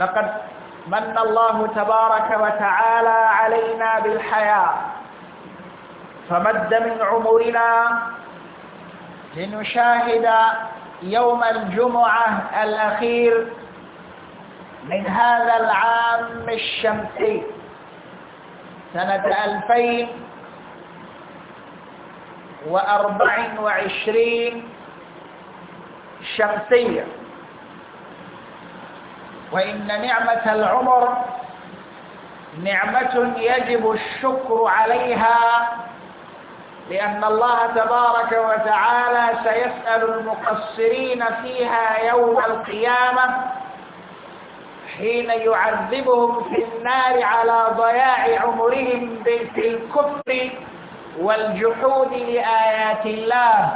لقد من الله تبارك وتعالى علينا بالحياة فمد من عمرنا لنشاهد يوم الجمعة الأخير من هذا العام الشمسي سنة 2024 شمسية وإن نعمة العمر نعمة يجب الشكر عليها لأن الله تبارك وتعالى سيسأل المقصرين فيها يوم القيامة حين يعذبهم في النار على ضياع عمرهم بالكفر والجحود لآيات الله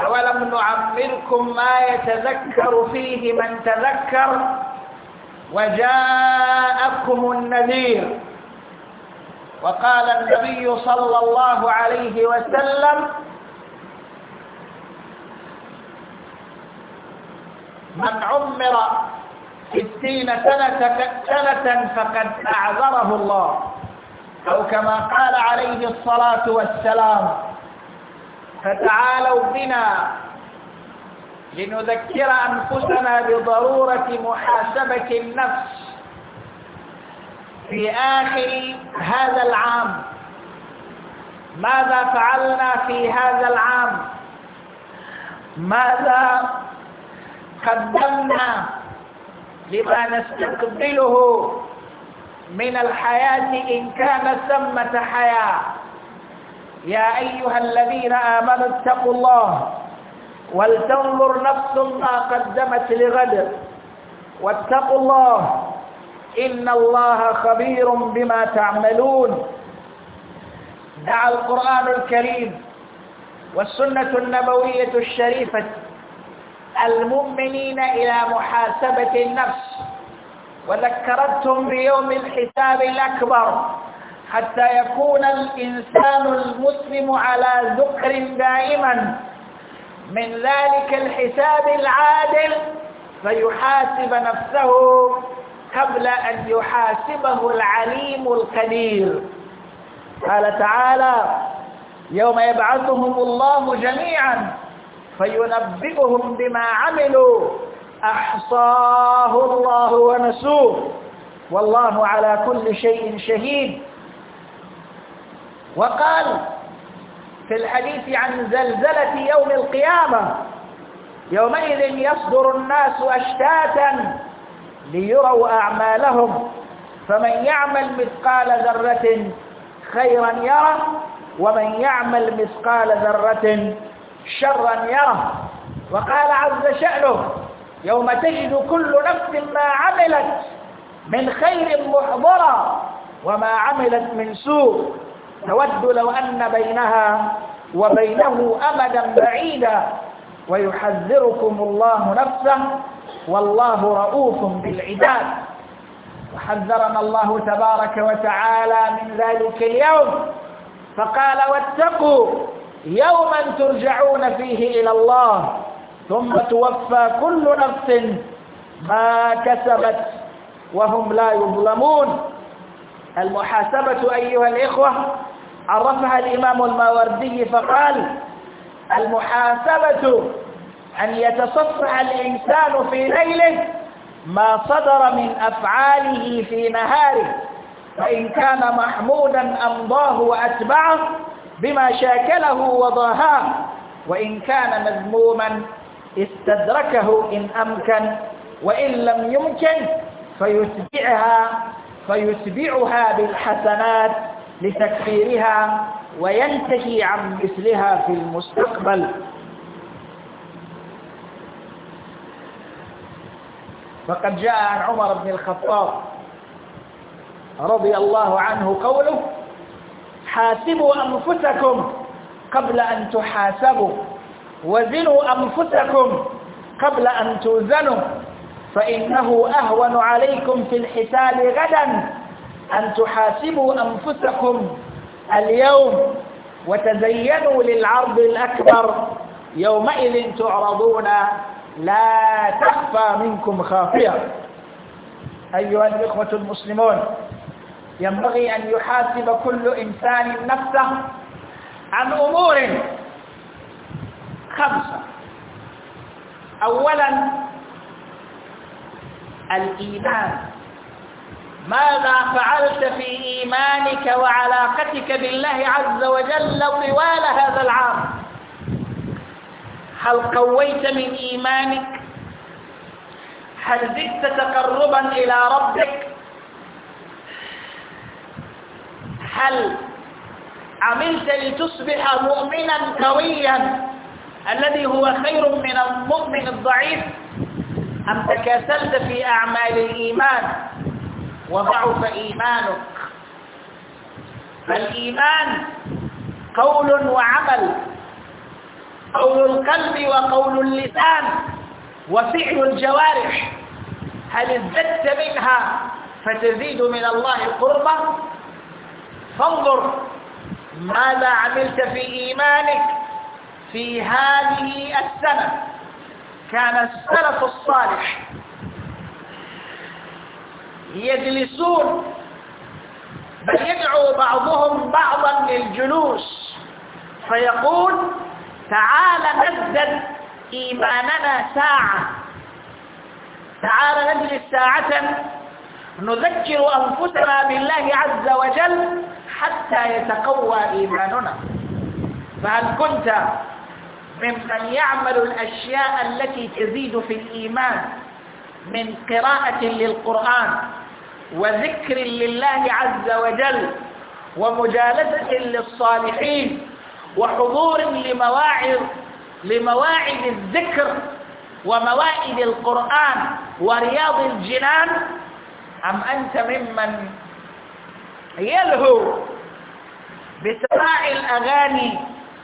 أولم نعمركم ما يتذكر فيه من تذكر وجاءكم النذير وقال النبي صلى الله عليه وسلم من عمر ستين سنة, سنة فقد أعذره الله أو كما قال عليه الصلاة والسلام فتعالوا بنا لنذكر أنفسنا بضرورة محاسبة النفس في آخر هذا العام ماذا فعلنا في هذا العام ماذا قدمنا لما نستقبله من الحياة إن كان ثمة حياة يا أيها الذين آمنوا اتقوا الله ولتنظر نفس ما قدمت لغد واتقوا الله إن الله خبير بما تعملون دعا القرآن الكريم والسنة النبوية الشريفة المؤمنين إلى محاسبة النفس وذكرتهم بيوم الحساب الأكبر حتى يكون الإنسان المسلم على ذكر دائما من ذلك الحساب العادل فيحاسب نفسه قبل أن يحاسبه العليم القدير قال تعالى يوم يبعثهم الله جميعا فينبئهم بما عملوا أحصاه الله ونسوه والله على كل شيء شهيد وقال في الحديث عن زلزلة يوم القيامة يومئذ يصدر الناس أشتاتا ليروا أعمالهم فمن يعمل مثقال ذرة خيرا يره ومن يعمل مثقال ذرة شرا يره وقال عز شأنه يوم تجد كل نفس ما عملت من خير محضرا وما عملت من سوء تود لو أن بينها وبينه أبدا بعيدا ويحذركم الله نفسه والله رؤوف بالعباد وحذرنا الله تبارك وتعالى من ذلك اليوم فقال واتقوا يوما ترجعون فيه إلى الله ثم توفى كل نفس ما كسبت وهم لا يظلمون المحاسبة أيها الإخوة عرفها الإمام الماوردي فقال المحاسبة أن يتصفح الإنسان في ليله ما صدر من أفعاله في نهاره فإن كان محمودا أمضاه وأتبعه بما شاكله وضاهاه وإن كان مذموما استدركه إن أمكن وإن لم يمكن فيتبعها فيتبعها بالحسنات لتكفيرها وينتهي عن مثلها في المستقبل فقد جاء عن عمر بن الخطاب رضي الله عنه قوله حاسبوا أنفسكم قبل أن تحاسبوا وزنوا أنفسكم قبل أن توزنوا فإنه أهون عليكم في الحساب غدا أن تحاسبوا أنفسكم اليوم وتزينوا للعرض الأكبر يومئذ تعرضون لا تخفى منكم خافية أيها الإخوة المسلمون ينبغي أن يحاسب كل إنسان نفسه عن أمور خمسة أولا الإيمان ماذا فعلت في إيمانك وعلاقتك بالله عز وجل طوال هذا العام هل قويت من إيمانك هل زدت تقربا إلى ربك هل عملت لتصبح مؤمنا قويا الذي هو خير من المؤمن الضعيف أم تكاسلت في أعمال الإيمان وضعف إيمانك فالإيمان قول وعمل قول القلب وقول اللسان وفعل الجوارح هل ازددت منها فتزيد من الله قربا فانظر ماذا عملت في إيمانك في هذه السنة كان السلف الصالح يجلسون بل يدعو بعضهم بعضا للجلوس فيقول تعال نزد إيماننا ساعة تعال نجلس ساعة نذكر أنفسنا بالله عز وجل حتى يتقوى إيماننا فهل كنت ممن يعمل الأشياء التي تزيد في الإيمان من قراءة للقرآن وذكر لله عز وجل ومجالسة للصالحين وحضور لمواعظ لمواعظ الذكر ومواعظ القرآن ورياض الجنان أم أنت ممن يلهو بسماع الأغاني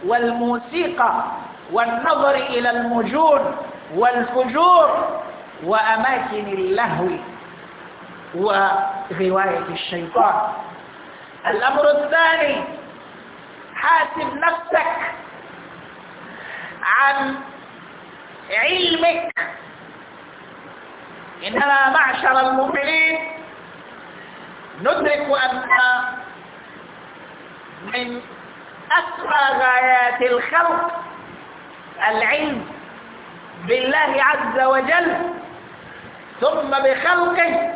والموسيقى والنظر إلى المجون والفجور وأماكن اللهو وغواية الشيطان الأمر الثاني حاسب نفسك عن علمك إننا معشر المؤمنين ندرك أن من أسرى غايات الخلق العلم بالله عز وجل ثم بخلقه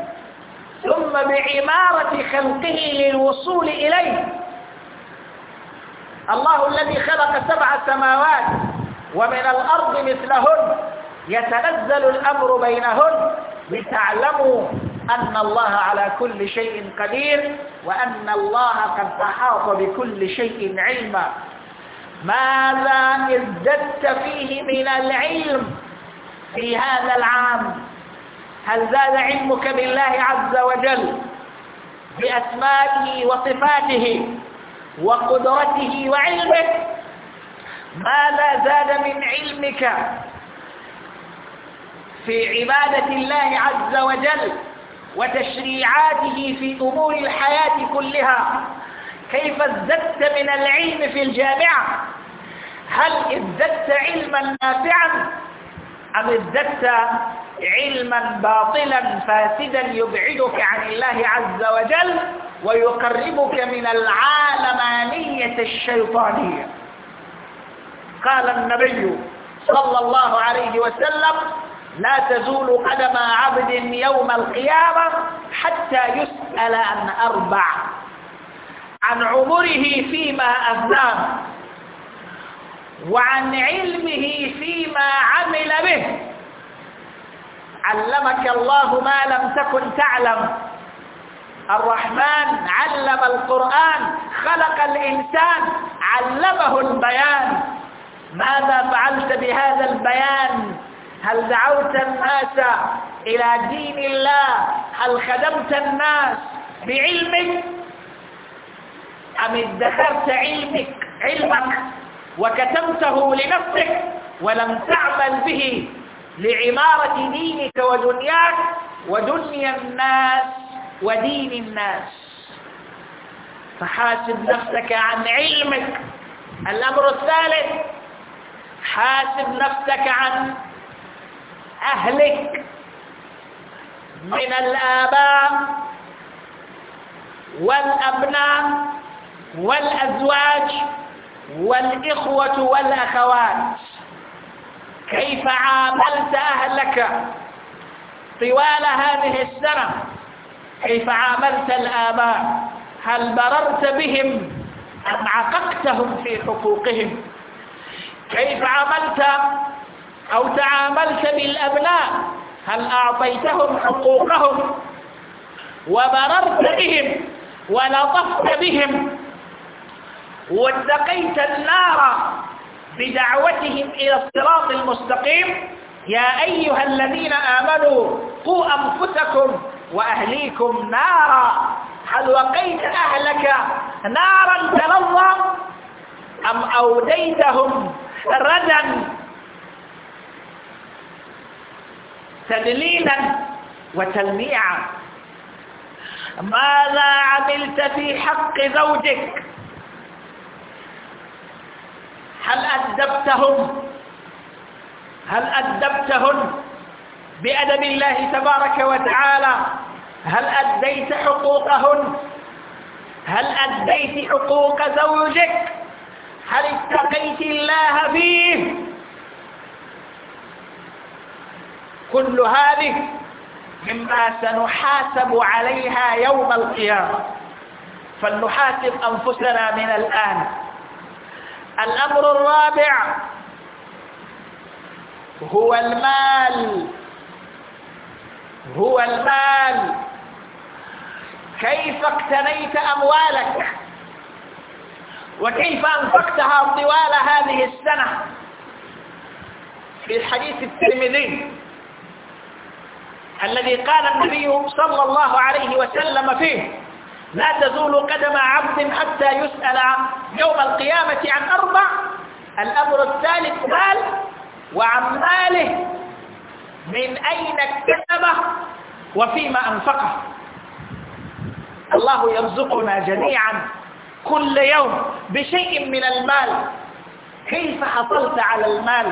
ثم بعمارة خلقه للوصول إليه الله الذي خلق سبع سماوات ومن الأرض مثلهن يتنزل الأمر بينهن لتعلموا أن الله على كل شيء قدير وأن الله قد أحاط بكل شيء علما ماذا ازددت فيه من العلم في هذا العام هل زاد علمك بالله عز وجل بأسمائه وصفاته وقدرته وعلمه ماذا زاد من علمك في عبادة الله عز وجل وتشريعاته في أمور الحياة كلها كيف ازددت من العلم في الجامعة هل ازددت علما نافعا أم ازددت علما باطلا فاسدا يبعدك عن الله عز وجل ويقربك من العالمانية الشيطانية قال النبي صلى الله عليه وسلم لا تزول قدم عبد يوم القيامة حتى يسأل عن أربع عن عمره فيما أفناه وعن علمه فيما عمل به علمك الله ما لم تكن تعلم الرحمن علم القرآن خلق الإنسان علمه البيان ماذا فعلت بهذا البيان هل دعوت الناس إلى دين الله هل خدمت الناس بعلمك أم ادخرت علمك علمك وكتمته لنفسك ولم تعمل به لعمارة دينك ودنياك ودنيا الناس ودين الناس فحاسب نفسك عن علمك الأمر الثالث حاسب نفسك عن أهلك من الآباء والأبناء والأزواج والإخوة والأخوات كيف عاملت أهلك طوال هذه السنة كيف عاملت الآباء هل بررت بهم أم عققتهم في حقوقهم كيف عملت أو تعاملت بالأبناء هل أعطيتهم حقوقهم وبررت بهم ولطفت بهم واتقيت النار بدعوتهم إلى الصراط المستقيم يا أيها الذين آمنوا قوا أنفسكم وأهليكم نارا هل وقيت أهلك نارا تلظى أم أوديتهم ردا تدليلا وتلميعا ماذا عملت في حق زوجك هل أدبتهم هل أدبتهن بأدب الله تبارك وتعالى هل أديت حقوقهن هل أديت حقوق زوجك هل اتقيت الله فيه كل هذه مما سنحاسب عليها يوم القيامة فلنحاسب أنفسنا من الآن الأمر الرابع هو المال هو المال كيف اقتنيت أموالك وكيف أنفقتها طوال هذه السنة في حديث الترمذي الذي قال النبي صلى الله عليه وسلم فيه لا تزول قدم عبد حتى يسأل يوم القيامة عن أربع الأمر الثالث مال وعن ماله من أين اكتسبه وفيما أنفقه الله يرزقنا جميعا كل يوم بشيء من المال كيف حصلت على المال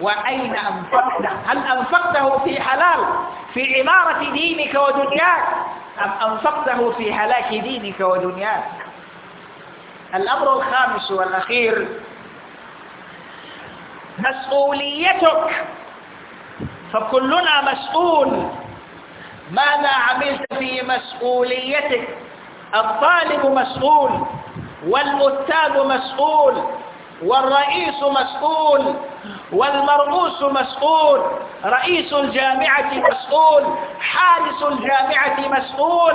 وأين أنفقته هل أنفقته في حلال في عمارة دينك ودنياك أم أنفقته في هلاك دينك ودنياك الأمر الخامس والأخير مسؤوليتك فكلنا مسؤول ماذا عملت في مسؤوليتك الطالب مسؤول والمتاب مسؤول والرئيس مسؤول والمرؤوس مسؤول رئيس الجامعة مسؤول حارس الجامعة مسؤول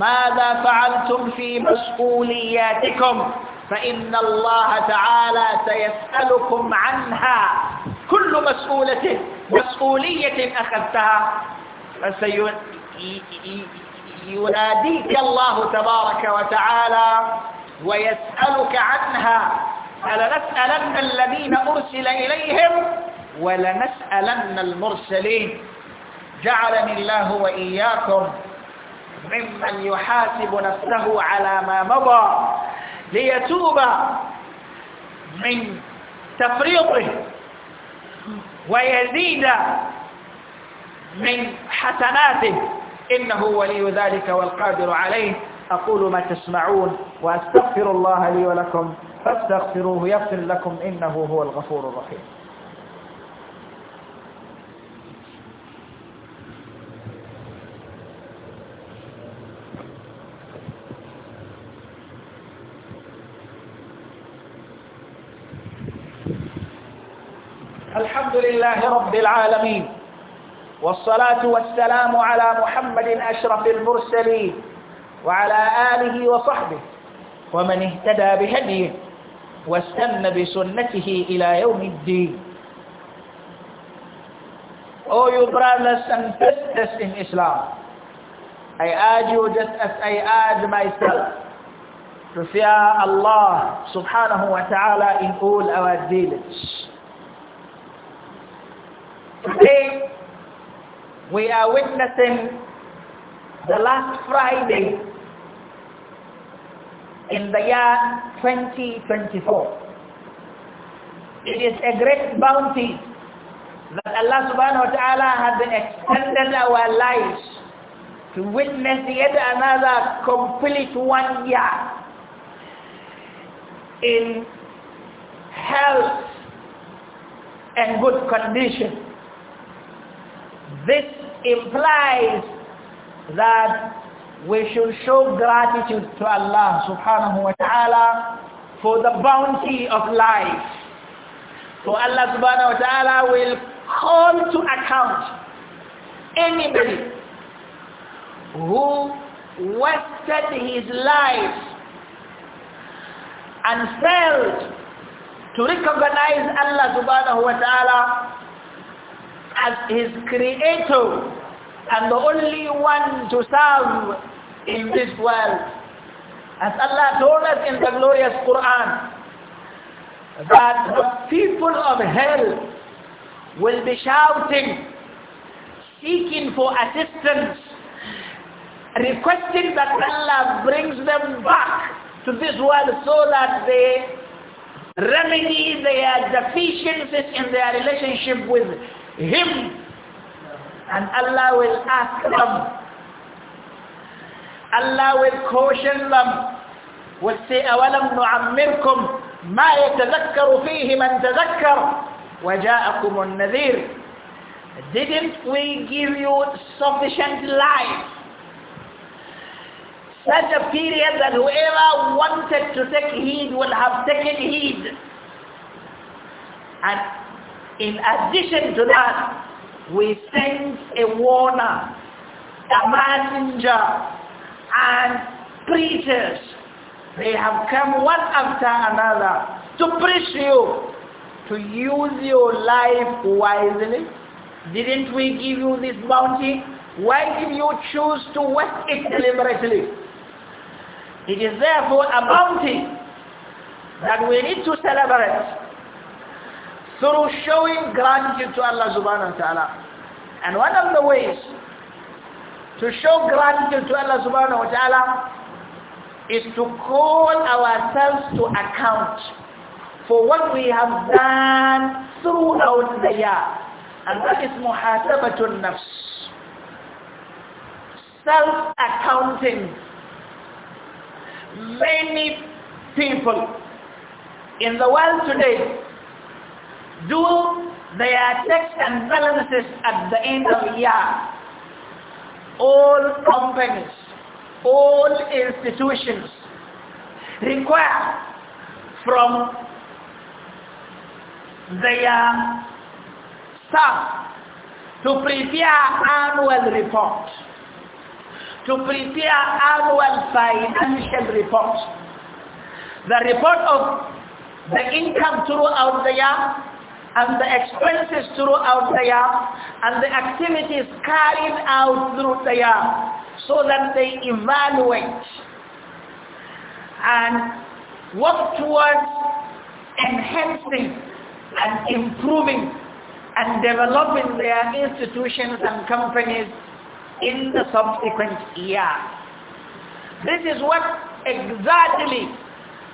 ماذا فعلتم في مسؤولياتكم فإن الله تعالى سيسألكم عنها كل مسؤولة مسؤولية أخذتها فسيناديك الله تبارك وتعالى ويسألك عنها فلنسألن الذين أرسل إليهم ولنسألن المرسلين جعلني الله وإياكم ممن يحاسب نفسه على ما مضى ليتوب من تفريطه ويزيد من حسناته إنه ولي ذلك والقادر عليه أقول ما تسمعون وأستغفر الله لي ولكم فاستغفروه يغفر لكم إنه هو الغفور الرحيم الحمد لله رب العالمين والصلاة والسلام على محمد أشرف المرسلين وعلى آله وصحبه ومن اهتدى بهديه واستنى بسنته إلى يوم الدين Oh, you brothers and sisters in Islam, I urge you just as I urge myself to fear Allah subhanahu wa ta'ala in all our dealings. Today, we are witnessing the last Friday in the year 2024. It is a great bounty that Allah subhanahu wa ta'ala has extended our lives to witness yet another complete one year in health and good condition. This implies that we should show gratitude to Allah subhanahu wa ta'ala for the bounty of life. For Allah subhanahu wa ta'ala will call to account anybody who wasted his life and failed to recognize Allah subhanahu wa ta'ala as his creator and the only one to serve in this world. As Allah told us in the glorious Quran, that the people of hell will be shouting, seeking for assistance, requesting that Allah brings them back to this world so that they remedy their deficiencies in their relationship with Him and Allah will ask them. Allah will caution them. Will say, أَوَلَمْ نُعَمِّرْكُمْ مَا يَتَذَكَّرُ فِيهِ مَنْ تَذَكَّرُ وَجَاءَكُمُ النَّذِيرُ Didn't we give you sufficient life? Such a period that whoever wanted to take heed will have taken heed. And in addition to that, we send a warner, a messenger, and preachers. They have come one after another to preach you, to use your life wisely. Didn't we give you this bounty? Why did you choose to waste it deliberately? It is therefore a bounty that we need to celebrate through showing gratitude to Allah subhanahu wa ta'ala. And one of the ways to show gratitude to Allah subhanahu wa ta'ala is to call ourselves to account for what we have done throughout the year. And that is muhasabatun nafs. Self-accounting. Many people in the world today do their checks and balances at the end of the year. All companies, all institutions require from their staff to prepare annual report, to prepare annual financial report, the report of the income throughout the year, and the expenses throughout the year and the activities carried out through the year so that they evaluate and work towards enhancing and improving and developing their institutions and companies in the subsequent year. This is what exactly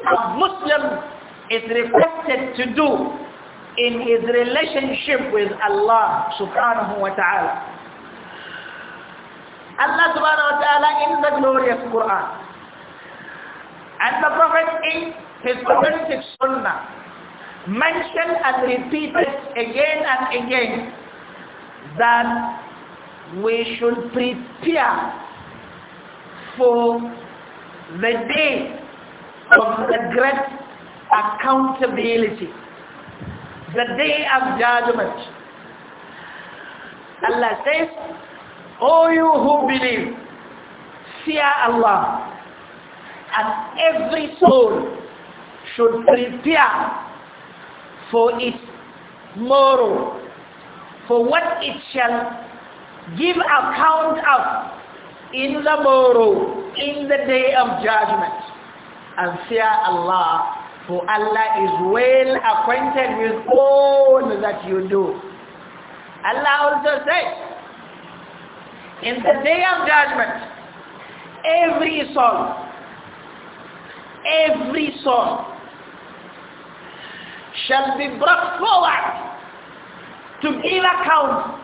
a Muslim is requested to do in his relationship with Allah subhanahu wa ta'ala. Allah subhanahu wa ta'ala in the glorious Quran and the Prophet in his authentic sunnah mentioned and repeated again and again that we should prepare for the day of the great accountability the day of judgment. Allah says, O you who believe, fear Allah, and every soul should prepare for its morrow, for what it shall give account of in the morrow, in the day of judgment, and fear Allah for Allah is well acquainted with all that you do. Allah also said, in the day of judgment, every soul, every soul shall be brought forward to give account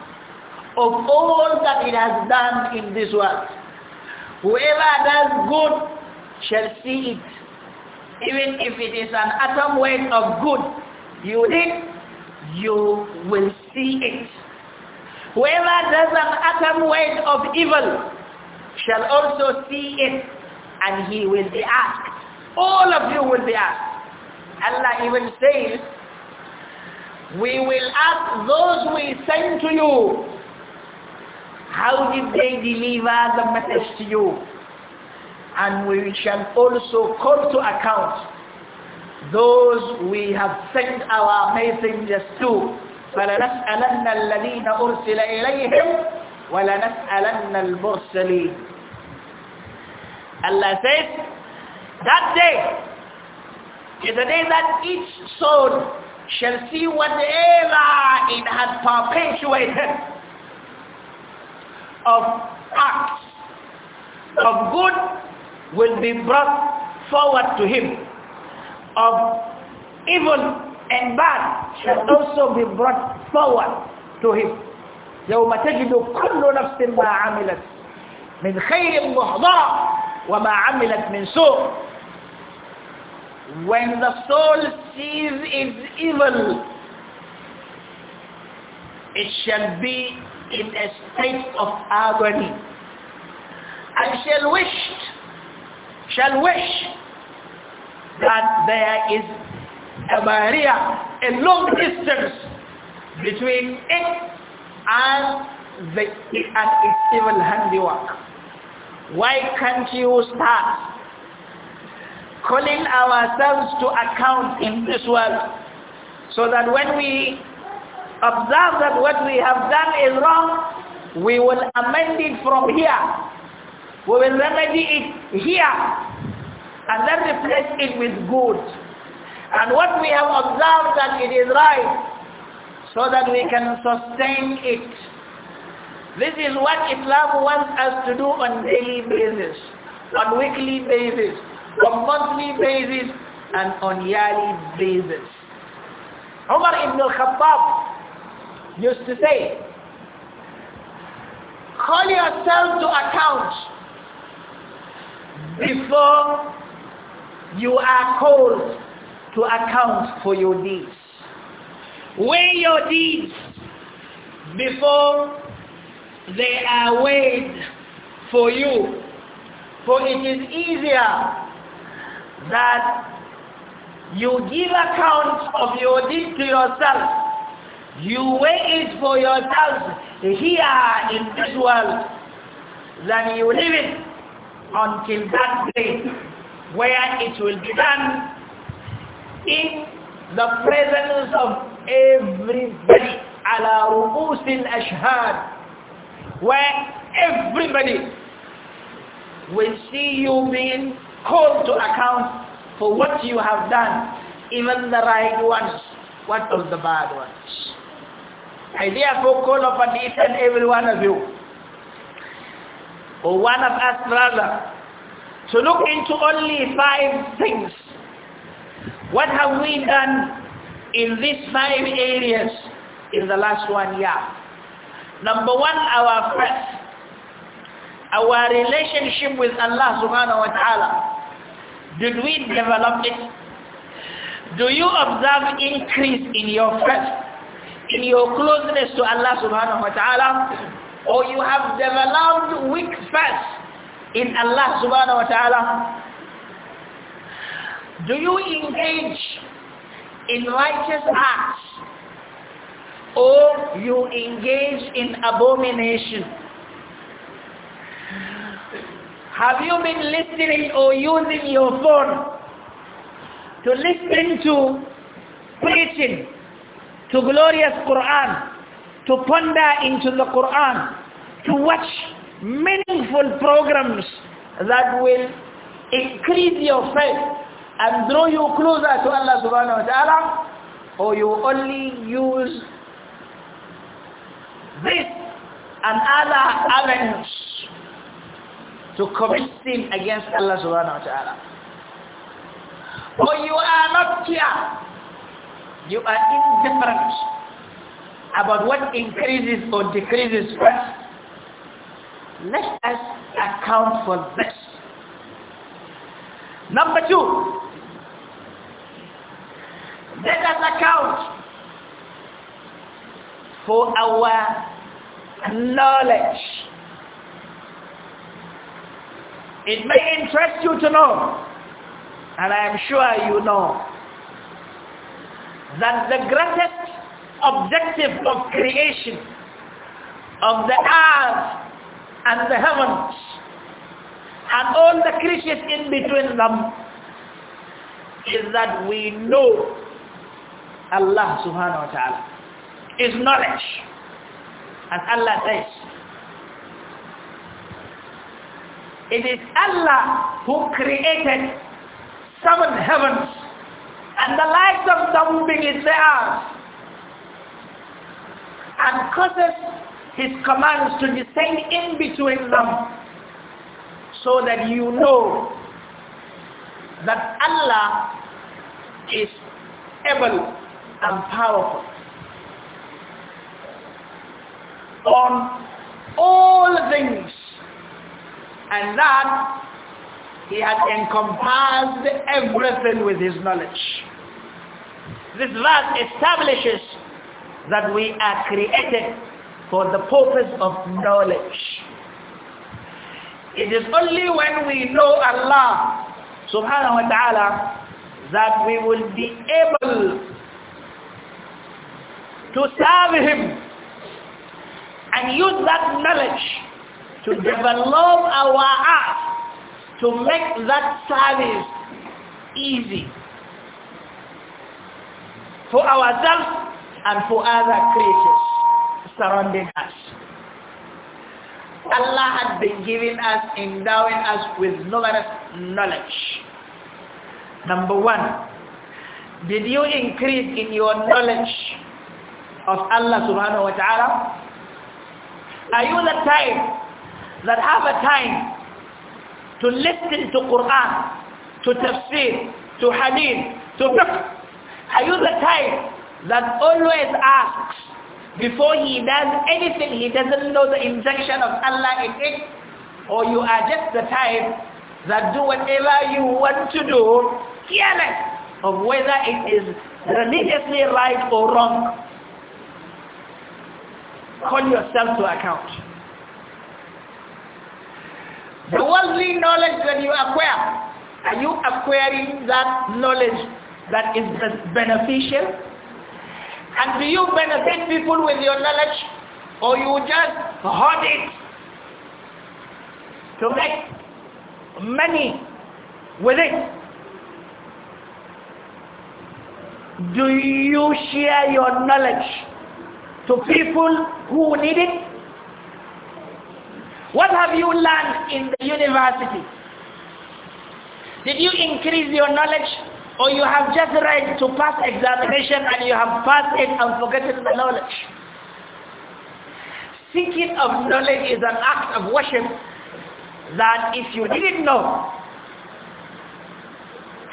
of all that it has done in this world. Whoever does good shall see it even if it is an atom weight of good you did, you will see it. Whoever does an atom weight of evil shall also see it, and he will be asked. All of you will be asked. Allah even says, we will ask those we send to you, how did they deliver the message to you? and we shall also call to account those we have sent our messengers to فَلَنَسْأَلَنَّ الَّذِينَ أُرْسِلَ إِلَيْهِمْ وَلَنَسْأَلَنَّ الْمُرْسَلِينَ Allah says, that day is the day that each soul shall see whatever it has perpetuated of acts of good will be brought forward to him. Of evil and bad shall also be brought forward to him. يوم تجد كل نفس ما عملت من خير محضرة وما عملت من سوء when the soul sees its evil it shall be in a state of agony and shall wish shall wish that there is a barrier, a long distance between it and, the, and its evil handiwork. Why can't you start calling ourselves to account in this world so that when we observe that what we have done is wrong, we will amend it from here. We will remedy it here and then replace it with good. And what we have observed that it is right so that we can sustain it. This is what Islam wants us to do on daily basis, on weekly basis, on monthly basis, and on yearly basis. Umar ibn al-Khattab used to say, call yourself to account before you are called to account for your deeds. Weigh your deeds before they are weighed for you. For it is easier that you give account of your deeds to yourself. You weigh it for yourself here in this world than you live it until that day where it will be done in the presence of everybody ala ru'usil ashhad where everybody will see you being called to account for what you have done even the right ones what of the bad ones i therefore call upon each and every one of you or one of us rather to look into only five things. What have we done in these five areas in the last one year? Number one, our faith. Our relationship with Allah subhanahu wa ta'ala. Did we develop it? Do you observe increase in your faith, in your closeness to Allah subhanahu wa ta'ala? Or you have developed weak faith in Allah subhanahu wa ta'ala? Do you engage in righteous acts or you engage in abomination? Have you been listening or using your phone to listen to preaching, to glorious Quran, to ponder into the Quran, to watch meaningful programs that will increase your faith and draw you closer to Allah subhanahu wa ta'ala or you only use this and other avenues to commit sin against Allah subhanahu wa ta'ala or you are not here you are indifferent about what increases or decreases first let us account for this. Number two, let us account for our knowledge. It may interest you to know, and I am sure you know, that the greatest objective of creation of the earth and the heavens and all the creatures in between them is that we know Allah subhanahu wa ta'ala is knowledge and Allah says it is Allah who created seven heavens and the likes of them beneath the earth and causes his commands to descend in between them so that you know that Allah is able and powerful on all things and that he had encompassed everything with his knowledge. This verse establishes that we are created for the purpose of knowledge. It is only when we know Allah subhanahu wa ta'ala that we will be able to serve Him and use that knowledge to develop our art to make that service easy for ourselves and for other creatures surrounding us. Allah had been giving us, endowing us with numerous knowledge. Number one, did you increase in your knowledge of Allah subhanahu wa ta'ala? Are you the type that have a time to listen to Quran, to tafsir, to hadith, to fiqh? Are you the type that always asks before he does anything, he doesn't know the injunction of Allah in it. Or you are just the type that do whatever you want to do, careless of whether it is religiously right or wrong. Call yourself to account. The worldly knowledge that you acquire, are you acquiring that knowledge that is beneficial and do you benefit people with your knowledge? Or you just hoard it to make money with it? Do you share your knowledge to people who need it? What have you learned in the university? Did you increase your knowledge or you have just read to pass examination and you have passed it and forgotten the knowledge. Seeking of knowledge is an act of worship that if you didn't know,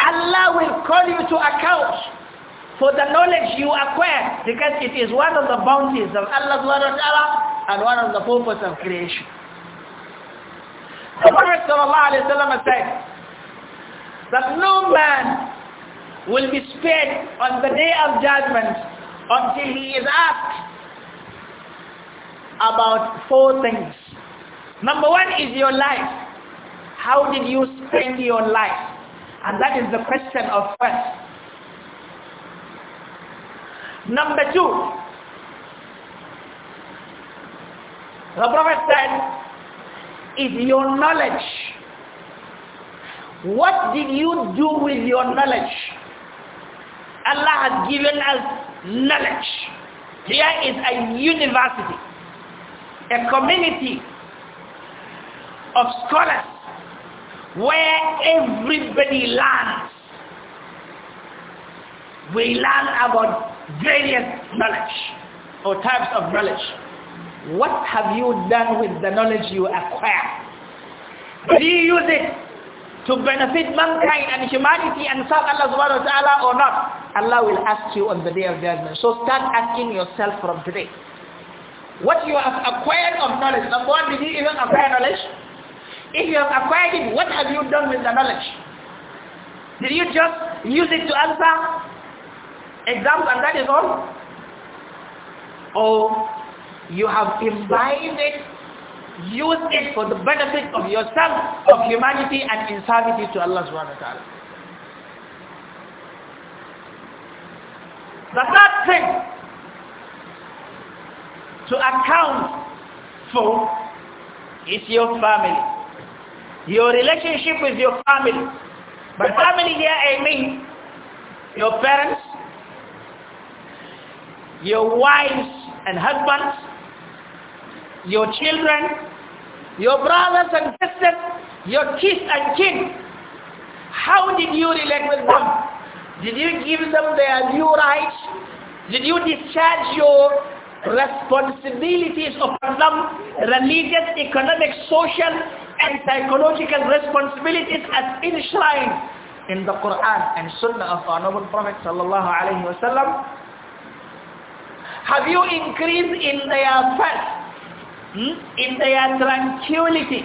Allah will call you to account for the knowledge you acquire because it is one of the bounties of Allah and one of the purpose of creation. The Prophet sallallahu alayhi wa sallam said that no man will be spared on the day of judgment until he is asked about four things. Number one is your life. How did you spend your life? And that is the question of first. Number two, the Prophet said, is your knowledge. What did you do with your knowledge? Allah has given us knowledge. Here is a university, a community of scholars where everybody learns. We learn about various knowledge or types of knowledge. What have you done with the knowledge you acquire? Do you use it to benefit mankind and humanity and serve Allah subhanahu wa ta'ala or not, Allah will ask you on the day of judgment. So start asking yourself from today. What you have acquired of knowledge, number one, did you even acquire knowledge? If you have acquired it, what have you done with the knowledge? Did you just use it to answer exams and that is all? Or you have imbibed it use it for the benefit of yourself, of humanity, and in service to Allah subhanahu wa ta'ala. The third thing to account for is your family. Your relationship with your family. But family here I mean your parents, your wives and husbands, your children, your brothers and sisters, your kids and kin. How did you relate with them? Did you give them their due rights? Did you discharge your responsibilities upon them, religious, economic, social, and psychological responsibilities as enshrined in the Quran and Sunnah of our noble Prophet sallallahu alaihi wasallam? Have you increased in their faith? If in their tranquility.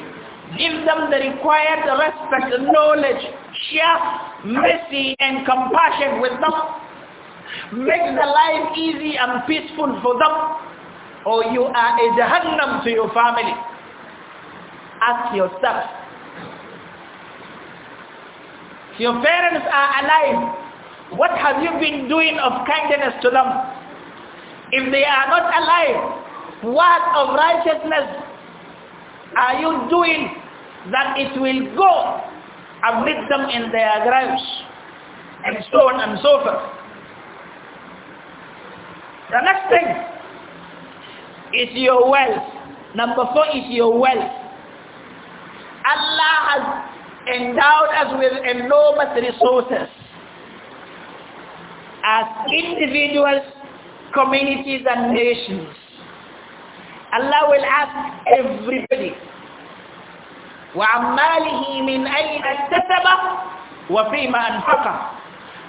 Give them the required respect, knowledge, share mercy and compassion with them. Make the life easy and peaceful for them. Or you are a jahannam to your family. Ask yourself. If your parents are alive, what have you been doing of kindness to them? If they are not alive, what of righteousness are you doing that it will go and meet them in their graves and so on and so forth. The next thing is your wealth. Number four is your wealth. Allah has endowed us with enormous resources as individuals, communities and nations. Allah will ask everybody وعماله من أين اكتسب مَا أَنْفَقَ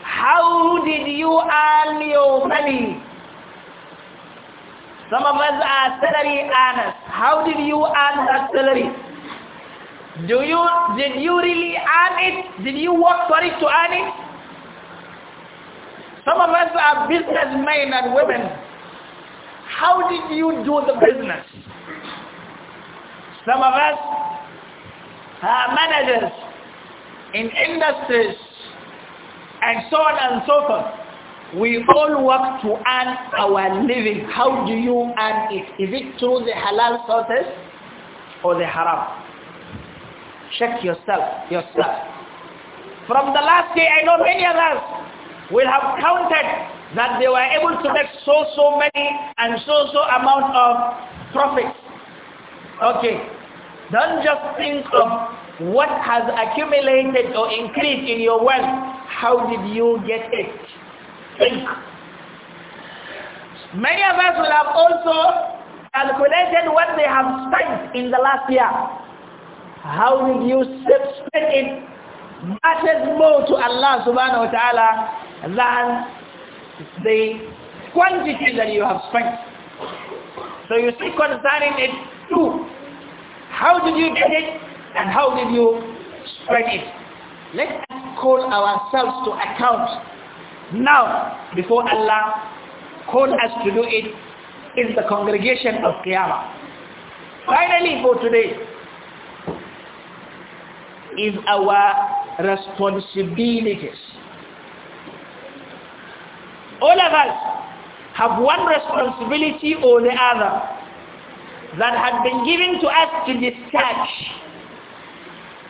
How did you earn your money? Some of us are salary earners. How did you earn that salary? Do you, did you really earn it? Did you work for it to earn it? Some of us are businessmen and women. How did you do the business? Some of us are managers in industries and so on and so forth. We all work to earn our living. How do you earn it? Is it through the halal sources or the haram? Check yourself, yourself. From the last day, I know many of us will have counted that they were able to make so so many and so so amount of profits. Okay, don't just think of what has accumulated or increased in your wealth. How did you get it? Think. Many of us will have also calculated what they have spent in the last year. How did you spend it? Matters more to Allah subhanahu wa ta'ala than the quantity that you have spent. So you see concerning it too. How did you get it and how did you spread it? Let us call ourselves to account now before Allah called us to do it in the congregation of Qiyamah. Finally for today is our responsibilities all of us have one responsibility or the other that had been given to us to discharge,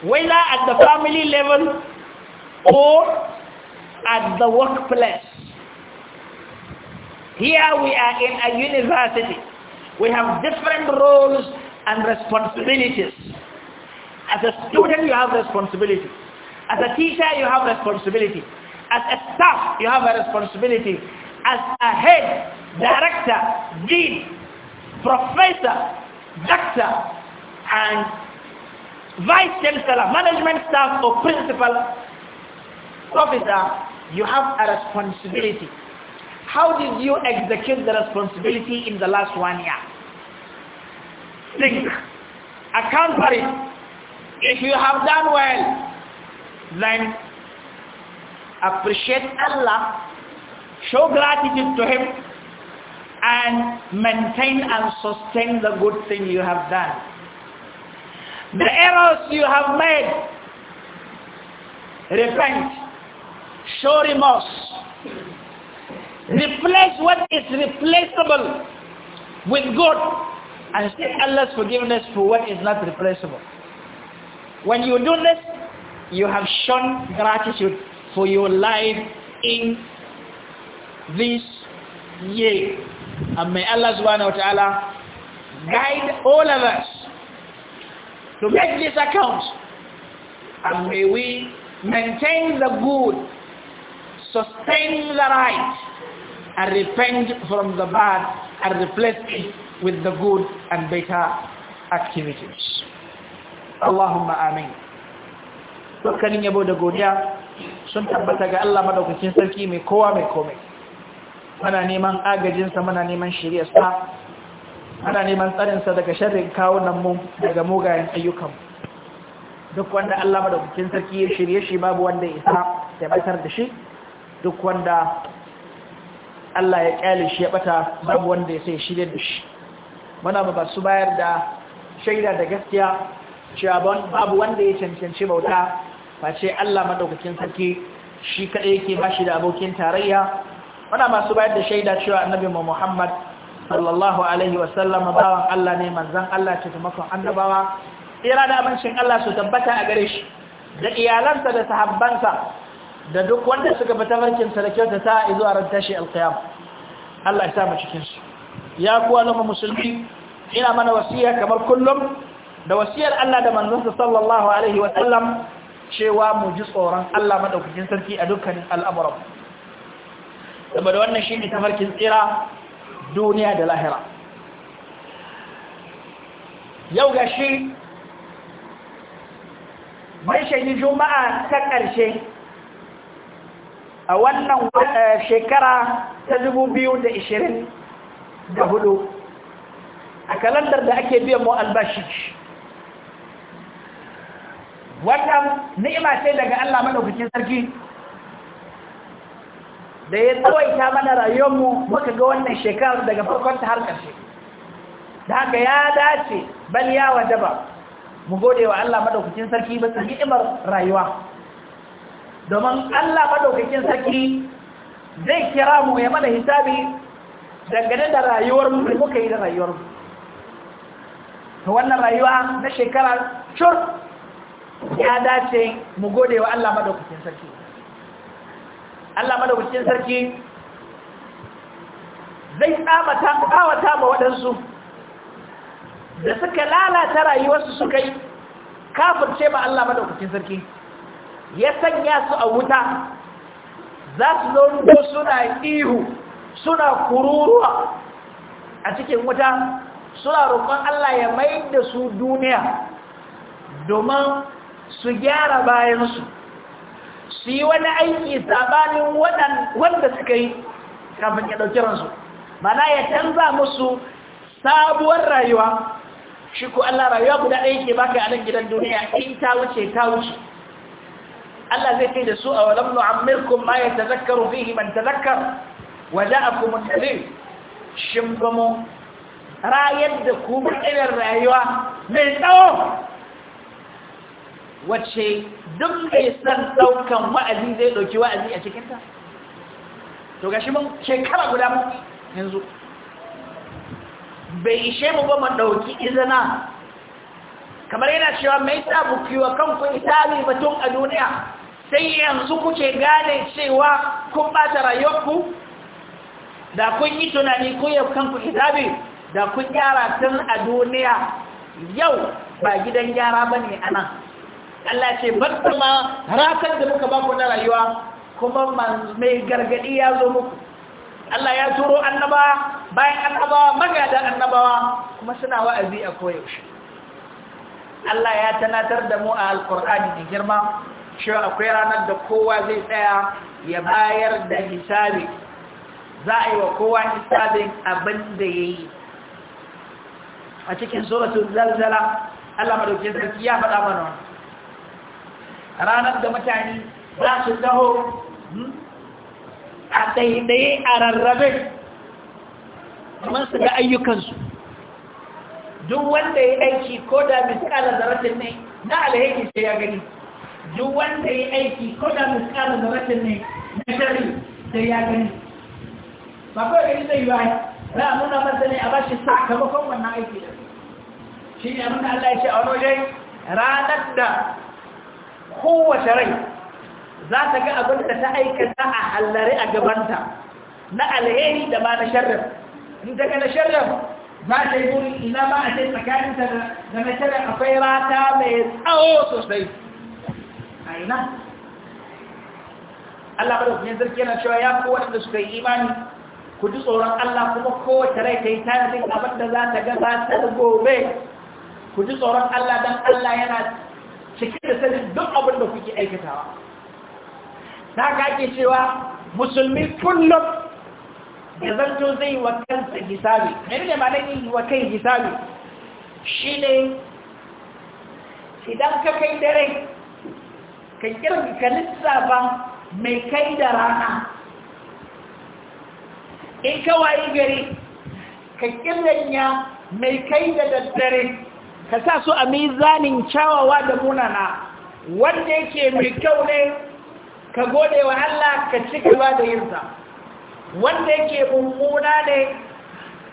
whether at the family level or at the workplace. Here we are in a university. We have different roles and responsibilities. As a student, you have responsibility. As a teacher, you have responsibility. As a staff, you have a responsibility. As a head, director, dean, professor, doctor, and vice chancellor, management staff or principal officer, you have a responsibility. How did you execute the responsibility in the last one year? Think. Account for it. If you have done well, then appreciate Allah, show gratitude to Him, and maintain and sustain the good thing you have done. The errors you have made, repent, show remorse, replace what is replaceable with good, and seek Allah's forgiveness for what is not replaceable. When you do this, you have shown gratitude for your life in this year. And may Allah subhanahu wa ta'ala guide all of us to make this account. And may we maintain the good, sustain the right, and repent from the bad, and replace it with the good and better activities. Allahumma amin. Dukkanin yabo da godiya sun tabbata ga Allah madaukakin sarki mai kowa mai komai muna neman agajinsa muna neman shiryarsa muna neman tsarinsa daga sharrin kawunan mu daga mugayen ayyukan duk wanda Allah madaukakin sarki ya shirye shi babu wanda ya isa ya batar da shi duk wanda Allah ya kyale shi ya bata babu wanda ya sai shirye da shi muna ba su bayar da shaida da gaskiya cewa babu wanda ya cancanci bauta face Allah madaukakin sarki shi kadai yake bashi da abokin tarayya muna masu bayar da shaida cewa annabi Muhammad sallallahu alaihi wasallam bawan Allah ne manzon Allah ce taimakon annabawa tsira da amincin Allah su tabbata a gare shi da iyalansa da sahabbansa da duk wanda suka bi tafarkin sa da kyauta ta zuwa ran tashi alqiyam Allah ya sa mu cikin su ya ku al'umma musulmi ina mana wasiya kamar kullum da wasiyar Allah da manzon sallallahu alaihi wasallam cewa mu ji tsoron Allah madaukakin sarki a dukkanin al'amuran saboda wannan shi ne ta farkin tsira duniya da lahira yau ga shi mai juma'a ta ƙarshe a wannan eh, shekara ta da hudu, a kalandar da ake biyan mu albashi wannan ni'ima ce daga Allah madaukakin sarki da ya tsawaita mana rayuwarmu muka ga wannan shekarar daga farkon ta har ƙarshe da haka ya dace bal ya wajaba mu gode wa Allah madaukakin sarki ba bisa ni'imar rayuwa domin Allah madaukakin sarki zai kira mu ya mana hisabi dangane da rayuwar da muka yi da rayuwar mu wannan rayuwa na shekarar shur ya dace mu gode wa Allah madaukakin sarki Allah madaukakin sarki zai tsamata ma waɗansu da suka lalata rayuwarsu suka yi kafirce ma Allah madaukakin sarki ya sanya su a wuta za su zo suna ihu suna kururuwa a cikin wuta suna roƙon Allah ya mai da su duniya domin su gyara bayansu su yi wani aiki sabanin wanda suka yi kafin ya ɗauki ransu mana ya canza musu sabuwar rayuwa shi Allah rayuwa guda ɗaya ke baka a nan gidan duniya in ta wuce ta wuce Allah zai kai da su a walam nu'ammirkum ma yatazakkaru fihi man tazakkar wa ja'akum an shin ba mu rayar da ku irin rayuwa mai tsawo wacce duk mai san daukan wa'azi zai ɗauki wa'azi a cikinta to shi mun shekara guda mun yanzu bai ishe mu ba man ɗauki izina kamar yana cewa mai ta buki wa kanku itali batun a duniya sai yanzu kuke gane cewa kun bata rayuwarku da kun yi tunani kun yau kanku hisabi da kun gyara tun a duniya yau ba gidan gyara ba ne a Allah ce bar kuma ratar da muka baku na rayuwa kuma mai gargadi ya zo muku Allah ya turo annaba bayan annabawa magada annabawa kuma suna wa'azi a koyaushe Allah ya tanatar da mu a alkur'ani da girma cewa akwai ranar da kowa zai tsaya ya bayar da hisabi za a yi wa kowa hisabin abin da ya yi a cikin suratun zalzala Allah madaukin sarki ya faɗa mana wani ranar da mutane za su taho hmm, a ɗaiɗaye a rarrabe masu ga ayyukansu duk wanda ya aiki ko da miskalar rashin ne na alhaji sai ya gani duk wanda ya aiki ko da miskalar rashin ne na shari sai ya gani ba kawai gani zai yi ba za a nuna masa ne a ba shi sakamakon wannan aiki da shi ne nuna Allah ya ce a wani wajen ranar da kowace rai za ta ga abin da ta aikata a hallare a gabanta na alheri da ba na sharrar in ta ga na sharrar za ta yi buri ina ba a ce tsakaninta da na sharrar akwai rata mai tsawo sosai a ina Allah ba da kuma zarki yana cewa ya kowace da suka yi imani ku ji tsoron Allah kuma kowace rai ta yi tanadin abin da za ta ga za ta gobe ku ji tsoron Allah don Allah yana Cikin da sanin duk abin da kuke aikatawa na kake cewa musulmi kullum da zanto zai wa kansa hisabi mai ne na yi wa kai hisabi shi ne idan ka kai dare ka kirki ka lissafa mai kai da rana in kawai gari ka kiranya mai kai da daddare ka sa su a mizanin kyawawa da munana wanda yake mai kyau ne ka gode wa Allah ka ci gaba da yinsa wanda yake mummuna ne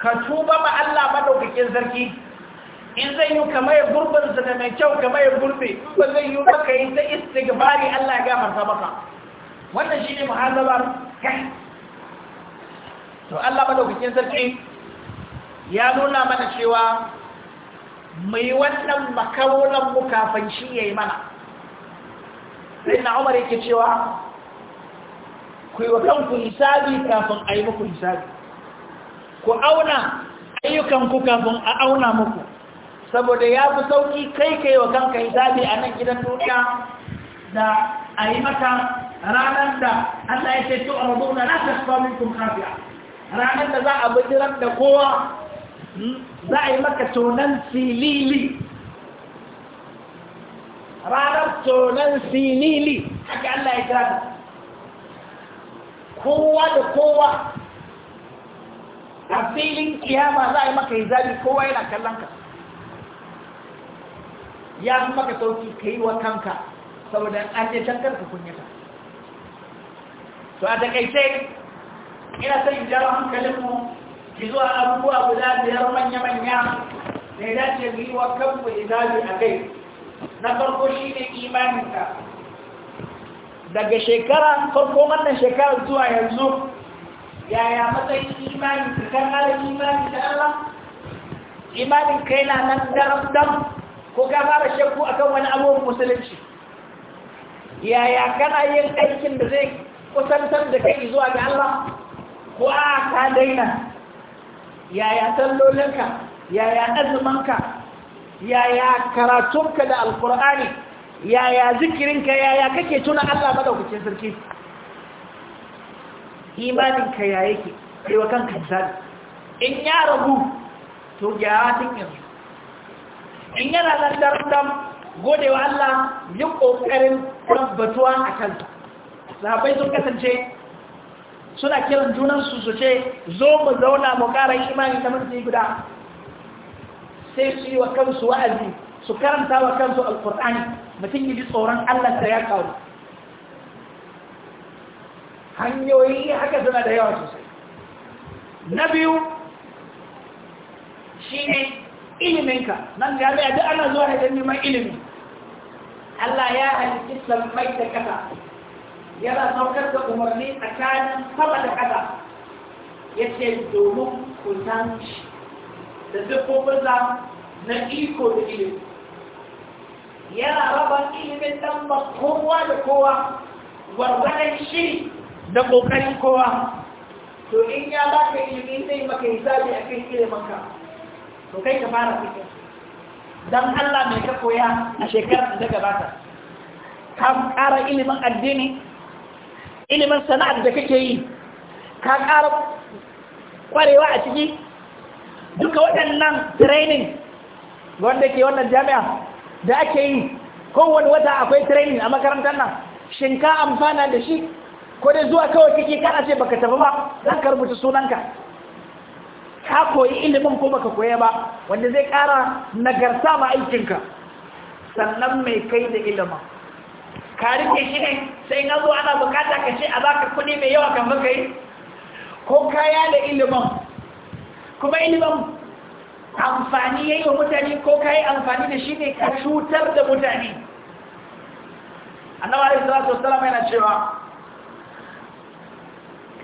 ka tuba ma Allah madaukakin sarki in zai yi kamar ya gurbin su da mai kyau kamar ya gurbe ba zai yi maka yi ta istigbari Allah ya ta maka wannan ne muhazabar kai to Allah madaukakin sarki ya nuna mana cewa mai wannan makaunan mu kafin shi ya yi mana sai na umar yake cewa ku yi wa kanku hisabi kafin a yi muku hisabi ku auna ayyukanku kafin a auna muku saboda ya fi sauki kai kai wa kanka hisabi a nan gidan duniya da a yi mata ranar da Allah ya ce to a rabu na na tasfa kafiya. ranar da za a bujirar da kowa za a yi maka tonon silili ranar tonon silili haka Allah ya kira kowa da kowa a filin kiyama za a yi maka hijabi kowa yana kallon ka ya fi maka sauki ka yi wa kanka saboda an je can karka kunyata to a takaice ina son in jara hankalinmu zuwa abubuwa guda biyar manya-manya da ya dace mu yi wa kanku izabi a kai na farko shi ne imaninka daga shekara farko wannan shekara zuwa yanzu yaya matsayin imani ka karɓar imani da Allah imanin kai na nan daram-dam ko ka fara shakku akan wani abubuwan musulunci yaya kana yin aikin da zai kusantar da kai zuwa ga Allah ko a ka daina yaya sallolinka yaya azumanka yaya karatunka da alkur'ani yaya zikirinka yaya kake tuna Allah madaukakin sarki imaninka ya yake kaiwa kanka misali in ya ragu to gyara tun yanzu in yana nan daram godewa Allah yin ƙoƙarin tabbatuwa a kansa sahabbai sun kasance suna kiran junansu su ce zo mu zauna mu ƙara imani ta minti guda sai su yi wa kansu wa'azi su karanta wa kansu alkur'ani mutum yi ji tsoron allah ta ya kawo hanyoyi haka suna da yawa sosai na biyu shi ne iliminka nan jami'a duk ana zuwa da neman ilimi allah ya halitta sammai da kasa yana saukar da umarni a kayan sama da kada ya ce domin ku san shi da na iko da ilimi yana raba ilimin dan ba kowa da kowa warwaran shi da ƙoƙarin kowa to in ya ba ka ilimi zai maka hisabi a kai ilimanka to kai ka fara fitar don Allah mai ka koya a shekarar da gabata kan ƙara ilimin addini ilimin sana'ar da kake yi ka ƙara ƙwarewa a ciki duka waɗannan training wanda ke wannan jami'a da ake yi kowane wata akwai training a makarantar nan shin ka amfana da shi ko dai zuwa kawai kake kana ce baka tafi ba Zan ka rubuta sunanka ka koyi ilimin ko baka koya ba wanda zai ƙara nagarta ma aikinka sannan mai kai da ilimin ka rike shi ne sai na zo ana bukata ka ce a baka kuɗi mai yawa kan maka yi ko kaya da ilimin kuma ilimin amfani ya yi wa mutane ko ka yi amfani da shi ne ka cutar da mutane annawa su wassalam yana cewa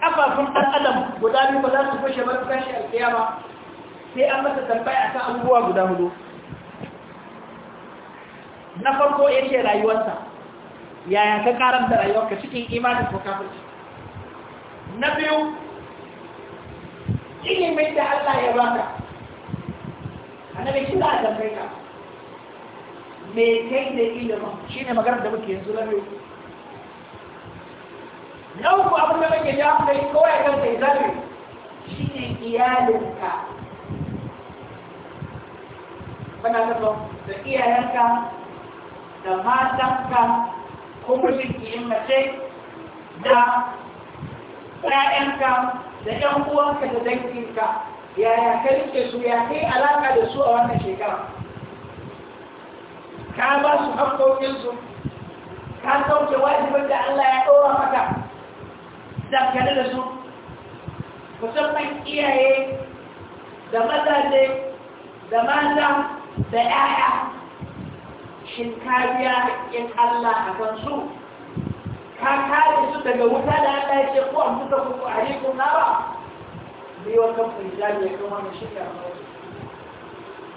kafafun ɗan adam guda biyu ba za su kushe ba su tashi ba. sai an masa tambaya kan abubuwa guda hudu na farko ya ce rayuwarsa yaya ka karar da rayuwarka cikin imanin ko kafirci na biyu ilimin da Allah ya baka annabi shi za a tambaye ka me kai da ilimin shine maganar da muke yanzu na biyu na uku abin da muke ja da yi kawai kan sai zabe shine iyalinka kana nufin da iyayenka da matanka hukuncin yin mace da ƴaƴanka da ‘yan uwanka da danginka yaya ka rike su ya kai alaƙa da su a wannan shekara ka ba su haƙƙoƙinsu ka sauke wajibin da Allah ya ɗora maka dangane da su musamman iyaye da mazaje da mata da ‘ya'ya shin ka biya haƙƙin Allah a kan su ka kare su daga wuta da Allah ya ce ko an fita ku ku ari ku nara bi wa kan fujali ya kuma mu shi ka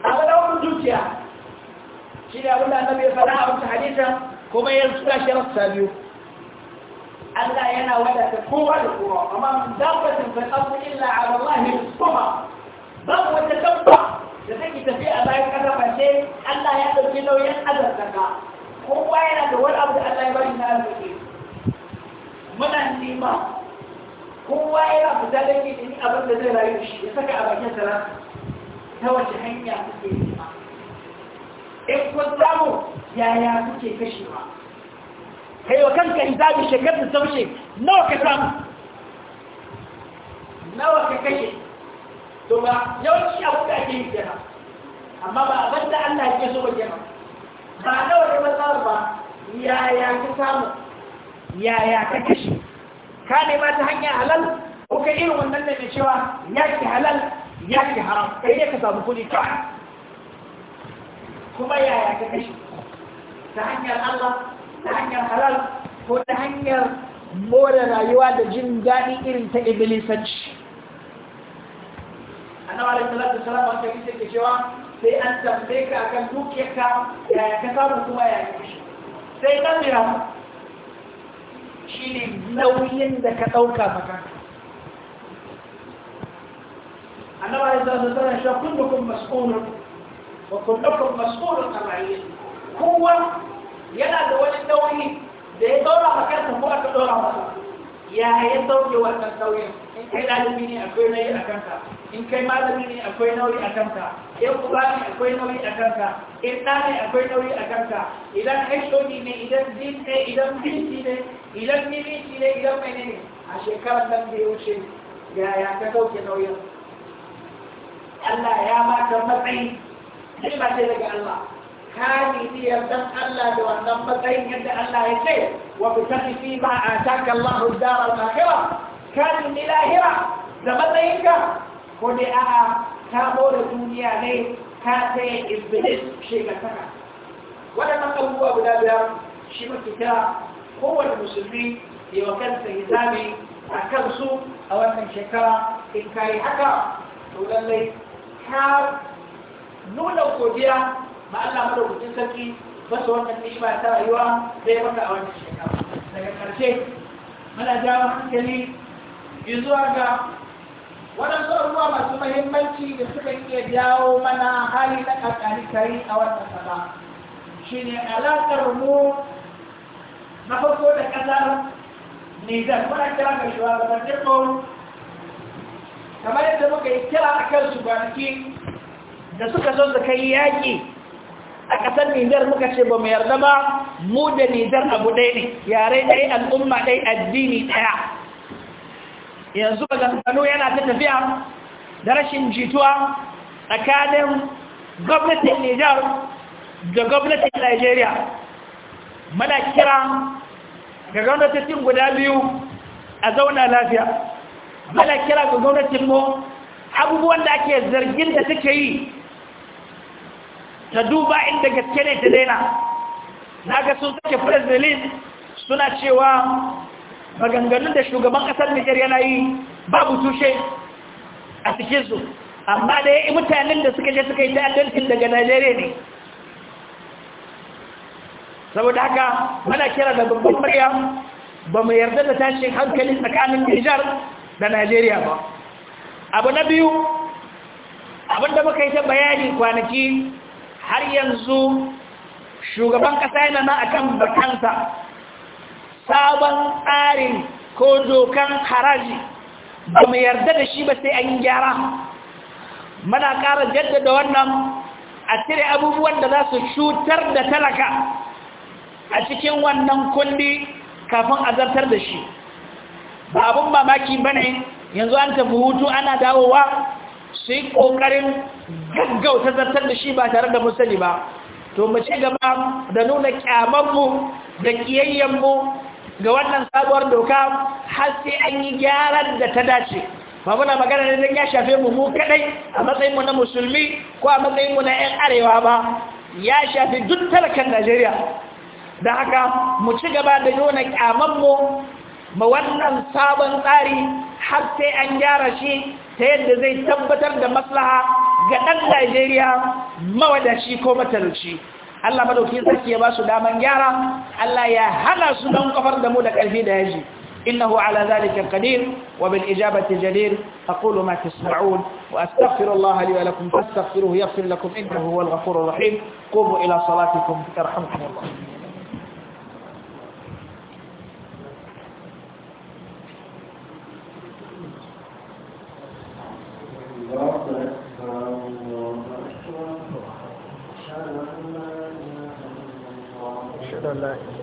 abu da wani dukiya shi ne abin da annabi ya faɗa a wata hadisa kuma ya tsura shi rasa biyu Allah yana wadata kowa da kowa amma mun dabbatin fil ardi illa ala Allah kuma babu wata dabba da take tafiya a bayan kasa face Allah ya ɗauki nauyin azartaka kowa yana da wani abu da Allah ya bari na arziki muna nema kowa yana fita da ke ɗin abin da zai rayu shi ya saka a bakin sana ta wace hanya kuke nema in kun samu yaya kuke kashewa kai wa kanka hisabi shekarar da taushe nawa ka samu nawa ka kashe to ba yawanci abu da ake yi kenan amma ba abin da Allah yake so ba kenan ba nawa ne ba samu ba yaya ka samu yaya ka kashe ka nema ta hanyar halal ko ka irin wannan da mai cewa ya ki halal ya ki haram kai ne ka samu kuɗi kawai kuma yaya ka kashe ta hanyar Allah ta hanyar halal ko ta hanyar more rayuwa da jin daɗi irin ta ibilisanci annabi alaihi salatu wasalam wanda kike ke cewa sai an tambaye ka akan dukiyarka ya ka samu kuma ya yi sai ka mira shine nauyin da ka dauka maka annabi alaihi salatu wasalam shi kullukum mas'ulun wa kullukum mas'ulun an ra'iyati kowa yana da wani nauyi da ya daura maka ko aka daura maka ya ya dauke wannan nauyin in kai dalibi ne akwai nayi akan ka in kai malami ne akwai nauyi a kanka in uba ne akwai nauyi a kanka in ɗa ne akwai nauyi a kanka idan hod ne idan din ne idan binci ne idan milici ne idan mai ne a shekarar nan da ya wuce yaya ka sauke nauyin Allah ya mata matsayi sai ba sai daga Allah ka nemi dan Allah da wannan matsayin yadda Allah ya ce wa bi taqifi ma ataka Allahu ad-dar al-akhirah ka nemi lahira da matsayinka ko dai a'a ta da duniya ne ta tsaye izbilis shekartaka waɗannan abubuwa guda biyar shi mafita kowane musulmi ya wa kansa hisabi a kansu a wannan shekara in kayi haka to lallai ta nuna godiya ma Allah madaukakin sarki basu wannan ni'ima ta rayuwa zai maka a wannan shekara daga ƙarshe muna jawo hankali zuwa ga waɗansu abubuwa masu mahimmanci da suka iya jawo mana hali na kari a wata sama shi ne alaƙar mu na farko da ƙasar nizar, muna kira ga shugabannin mu kamar yadda muka yi kira a kan shugabanki da suka zo su kai yaƙi a ƙasar nijar muka ce ba mu yarda ba mu da nizar abu ɗaya ne yare ɗaya al'umma ɗaya addini ɗaya yanzu maganganu yana ta tafiya da rashin jituwa tsakanin gwamnatin Nijar da gwamnatin Najeriya. Mana kira ga gwamnatin guda biyu a zauna lafiya. Mana kira ga gwamnatin mu abubuwan da ake zargin da suke yi ta duba inda gaske ne ta daina. Na ga sun sake press release suna cewa maganganun da shugaban ƙasar Nijar yana yi babu tushe a su amma da ya mutanen da suka je suka yi ta'addancin daga Najeriya ne saboda haka mana kira da babban murya ba mu yarda da tashin hankali tsakanin Nijar da Najeriya ba abu na biyu abinda muka yi ta bayani kwanaki har yanzu shugaban ƙasa yana na akan bakansa sabon tsarin ko dokan haraji ba mu yarda da shi ba sai an gyara mana ƙara jaddada wannan a cire abubuwan da za su cutar da talaka a cikin wannan kundi kafin a zartar da shi ba abin mamaki ba ne yanzu an tafi hutu ana dawowa su yi ƙoƙarin gaggauta zartar da shi ba tare da musali ba to mu ci gaba da nuna ƙyamanmu da ƙiyayyenmu ga wannan sabuwar doka har sai an yi gyaran da ta dace ba muna magana ne don ya shafe mu mu kadai a matsayinmu na musulmi ko a matsayin mu na 'yan arewa ba ya shafi duk talakan najeriya da haka mu ci gaba da nuna mu ma wannan sabon tsari har sai an gyara shi ta yadda zai tabbatar da maslaha ga ɗan najeriya mawadashi ko matalci Allah madaukakin sarki ya ba su daman gyara Allah ya hana su don kafar da mu da karfi da yaji إنه على ذلك قدير وبالإجابة جدير أقول ما تسمعون وأستغفر الله لي ولكم فاستغفروه يغفر لكم إنه هو الغفور الرحيم قوموا إلى صلاتكم ترحمكم الله الله